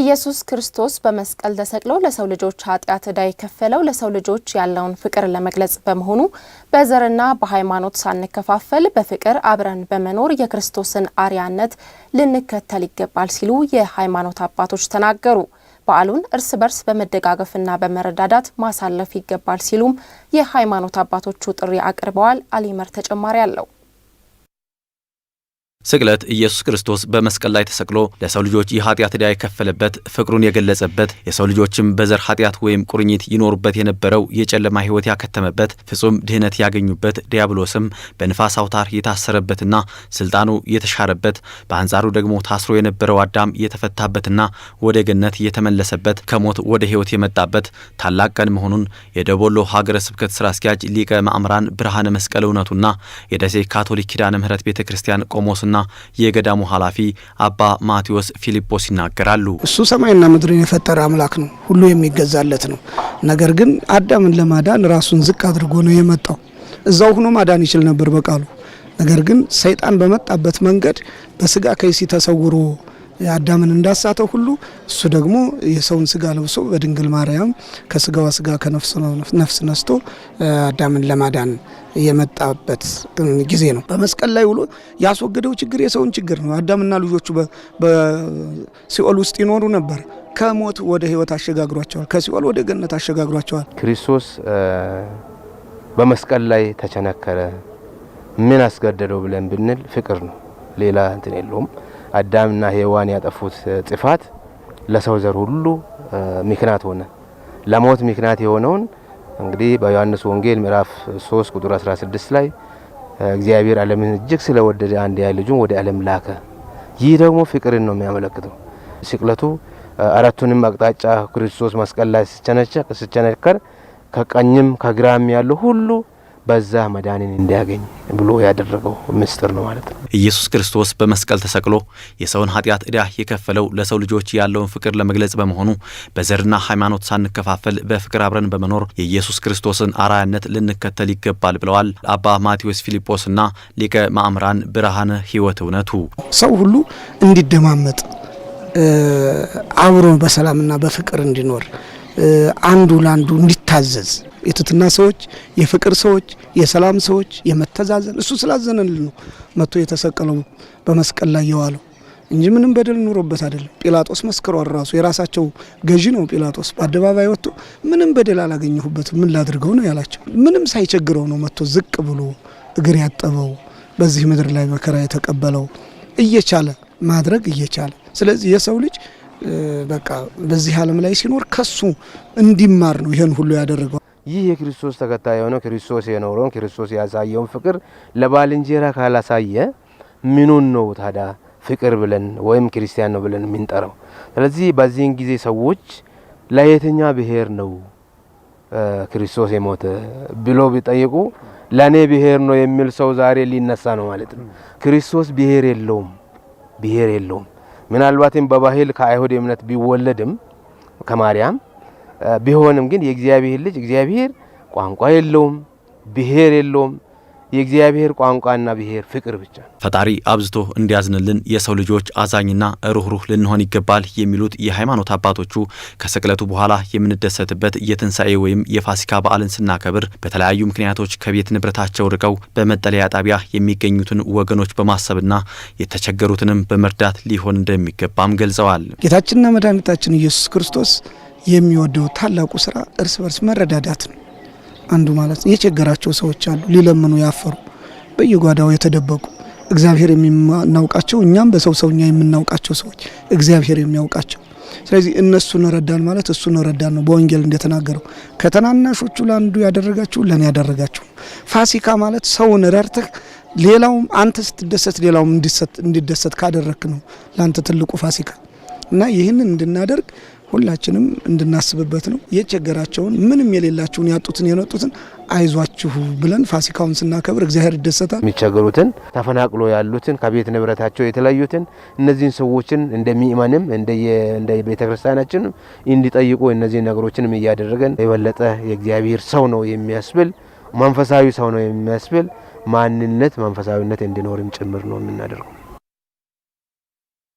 ኢየሱስ ክርስቶስ በመስቀል ተሰቅሎ ለሰው ልጆች ኃጢአት ዕዳ የከፈለው ለሰው ልጆች ያለውን ፍቅር ለመግለጽ በመሆኑ በዘርና በሃይማኖት ሳንከፋፈል በፍቅር አብረን በመኖር የክርስቶስን አርያነት ልንከተል ይገባል ሲሉ የሃይማኖት አባቶች ተናገሩ። በዓሉን እርስ በርስ በመደጋገፍና በመረዳዳት ማሳለፍ ይገባል ሲሉም የሃይማኖት አባቶቹ ጥሪ አቅርበዋል። አሊመር ተጨማሪ አለው። ስቅለት ኢየሱስ ክርስቶስ በመስቀል ላይ ተሰቅሎ ለሰው ልጆች የኃጢአት ዕዳ የከፈለበት ፍቅሩን የገለጸበት የሰው ልጆችም በዘር ኃጢአት ወይም ቁርኝት ይኖሩበት የነበረው የጨለማ ሕይወት ያከተመበት ፍጹም ድህነት ያገኙበት ዲያብሎስም በንፋስ አውታር የታሰረበትና ስልጣኑ የተሻረበት በአንጻሩ ደግሞ ታስሮ የነበረው አዳም የተፈታበትና ወደ ገነት የተመለሰበት ከሞት ወደ ሕይወት የመጣበት ታላቅ ቀን መሆኑን የደቦሎ ሀገረ ስብከት ስራ አስኪያጅ ሊቀ ማዕምራን ብርሃነ መስቀል እውነቱና የደሴ ካቶሊክ ኪዳነ ምሕረት ቤተ ክርስቲያን ቆሞስ ጳጳስና የገዳሙ ኃላፊ አባ ማቴዎስ ፊሊጶስ ይናገራሉ። እሱ ሰማይና ምድርን የፈጠረ አምላክ ነው፣ ሁሉ የሚገዛለት ነው። ነገር ግን አዳምን ለማዳን ራሱን ዝቅ አድርጎ ነው የመጣው። እዛው ሆኖ ማዳን ይችል ነበር በቃሉ። ነገር ግን ሰይጣን በመጣበት መንገድ በስጋ ከይሲ ተሰውሮ አዳምን እንዳሳተው ሁሉ እሱ ደግሞ የሰውን ስጋ ለብሶ በድንግል ማርያም ከስጋዋ ስጋ ከነፍስ ነፍስ ነስቶ አዳምን ለማዳን የመጣበት ጊዜ ነው። በመስቀል ላይ ውሎ ያስወገደው ችግር የሰውን ችግር ነው። አዳምና ልጆቹ በሲኦል ውስጥ ይኖሩ ነበር። ከሞት ወደ ሕይወት አሸጋግሯቸዋል። ከሲኦል ወደ ገነት አሸጋግሯቸዋል። ክርስቶስ በመስቀል ላይ ተቸነከረ። ምን አስገደደው ብለን ብንል ፍቅር ነው። ሌላ እንትን የለውም። አዳምና ሔዋን ያጠፉት ጥፋት ለሰው ዘር ሁሉ ምክንያት ሆነ። ለሞት ምክንያት የሆነውን እንግዲህ በዮሐንስ ወንጌል ምዕራፍ 3 ቁጥር 16 ላይ እግዚአብሔር ዓለምን እጅግ ስለወደደ አንድያ ልጁን ወደ ዓለም ላከ። ይህ ደግሞ ፍቅርን ነው የሚያመለክተው። ስቅለቱ አራቱንም አቅጣጫ ክርስቶስ መስቀል ላይ ሲቸነከር ከቀኝም ከግራም ያለው ሁሉ በዛ መዳንን እንዲያገኝ ብሎ ያደረገው ምስጢር ነው ማለት ነው። ኢየሱስ ክርስቶስ በመስቀል ተሰቅሎ የሰውን ኃጢአት ዕዳ የከፈለው ለሰው ልጆች ያለውን ፍቅር ለመግለጽ በመሆኑ በዘርና ሃይማኖት ሳንከፋፈል በፍቅር አብረን በመኖር የኢየሱስ ክርስቶስን አራያነት ልንከተል ይገባል ብለዋል አባ ማቴዎስ ፊልጶስና ሊቀ ማእምራን ብርሃነ ሕይወት እውነቱ። ሰው ሁሉ እንዲደማመጥ አብሮ በሰላምና በፍቅር እንዲኖር አንዱ ለአንዱ እንዲታዘዝ የትትና ሰዎች፣ የፍቅር ሰዎች፣ የሰላም ሰዎች፣ የመተዛዘን እሱ ስላዘነልን ነው መጥቶ የተሰቀለው በመስቀል ላይ የዋለው እንጂ ምንም በደል ኑሮበት አይደለም። ጲላጦስ መስክሯል። ራሱ የራሳቸው ገዢ ነው ጲላጦስ። በአደባባይ ወጥቶ ምንም በደል አላገኘሁበትም ምን ላድርገው ነው ያላቸው። ምንም ሳይቸግረው ነው መጥቶ ዝቅ ብሎ እግር ያጠበው በዚህ ምድር ላይ መከራ የተቀበለው እየቻለ ማድረግ እየቻለ ስለዚህ የሰው ልጅ በቃ በዚህ ዓለም ላይ ሲኖር ከሱ እንዲማር ነው ይህን ሁሉ ያደረገው። ይህ የክርስቶስ ተከታይ የሆነው ክርስቶስ የኖረውን ክርስቶስ ያሳየውን ፍቅር ለባልንጀራ ካላሳየ ምኑን ነው ታዲያ ፍቅር ብለን ወይም ክርስቲያን ነው ብለን የምንጠራው? ስለዚህ በዚህን ጊዜ ሰዎች ለየትኛ ብሔር ነው ክርስቶስ የሞተ ብሎ ቢጠይቁ ለእኔ ብሔር ነው የሚል ሰው ዛሬ ሊነሳ ነው ማለት ነው። ክርስቶስ ብሔር የለውም፣ ብሔር የለውም። ምናልባትም በባህል ከአይሁድ እምነት ቢወለድም ከማርያም ቢሆንም ግን የእግዚአብሔር ልጅ እግዚአብሔር ቋንቋ የለውም፣ ብሔር የለውም። የእግዚአብሔር ቋንቋና ብሔር ፍቅር ብቻ ነው። ፈጣሪ አብዝቶ እንዲያዝንልን የሰው ልጆች አዛኝና ሩኅሩህ ልንሆን ይገባል የሚሉት የሃይማኖት አባቶቹ ከስቅለቱ በኋላ የምንደሰትበት የትንሣኤ ወይም የፋሲካ በዓልን ስናከብር በተለያዩ ምክንያቶች ከቤት ንብረታቸው ርቀው በመጠለያ ጣቢያ የሚገኙትን ወገኖች በማሰብና የተቸገሩትንም በመርዳት ሊሆን እንደሚገባም ገልጸዋል። ጌታችንና መድኃኒታችን ኢየሱስ ክርስቶስ የሚወደው ታላቁ ስራ እርስ በርስ መረዳዳት ነው አንዱ ማለት ነው። የቸገራቸው ሰዎች አሉ፣ ሊለምኑ ያፈሩ፣ በየጓዳው የተደበቁ እግዚአብሔር የሚናውቃቸው እኛም በሰው ሰውኛ የምናውቃቸው ሰዎች እግዚአብሔር የሚያውቃቸው። ስለዚህ እነሱን ረዳን ማለት እሱን ረዳን ነው። በወንጌል እንደተናገረው ከተናናሾቹ ለአንዱ ያደረጋችሁ ለእኔ ያደረጋችሁ። ፋሲካ ማለት ሰውን ረድተህ ሌላውም አንተ ስትደሰት ሌላውም እንዲደሰት ካደረክ ነው ለአንተ ትልቁ ፋሲካ እና ይህንን እንድናደርግ ሁላችንም እንድናስብበት ነው። የቸገራቸውን ምንም የሌላቸውን ያጡትን የነጡትን አይዟችሁ ብለን ፋሲካውን ስናከብር እግዚአብሔር ይደሰታል። የሚቸገሩትን ተፈናቅሎ ያሉትን ከቤት ንብረታቸው የተለዩትን እነዚህን ሰዎችን ሚእመንም እንደ ቤተ ክርስቲያናችን እንዲጠይቁ እነዚህን ነገሮችንም እያደረገን የበለጠ የእግዚአብሔር ሰው ነው የሚያስብል መንፈሳዊ ሰው ነው የሚያስብል ማንነት መንፈሳዊነት እንዲኖርም ጭምር ነው የምናደርገው።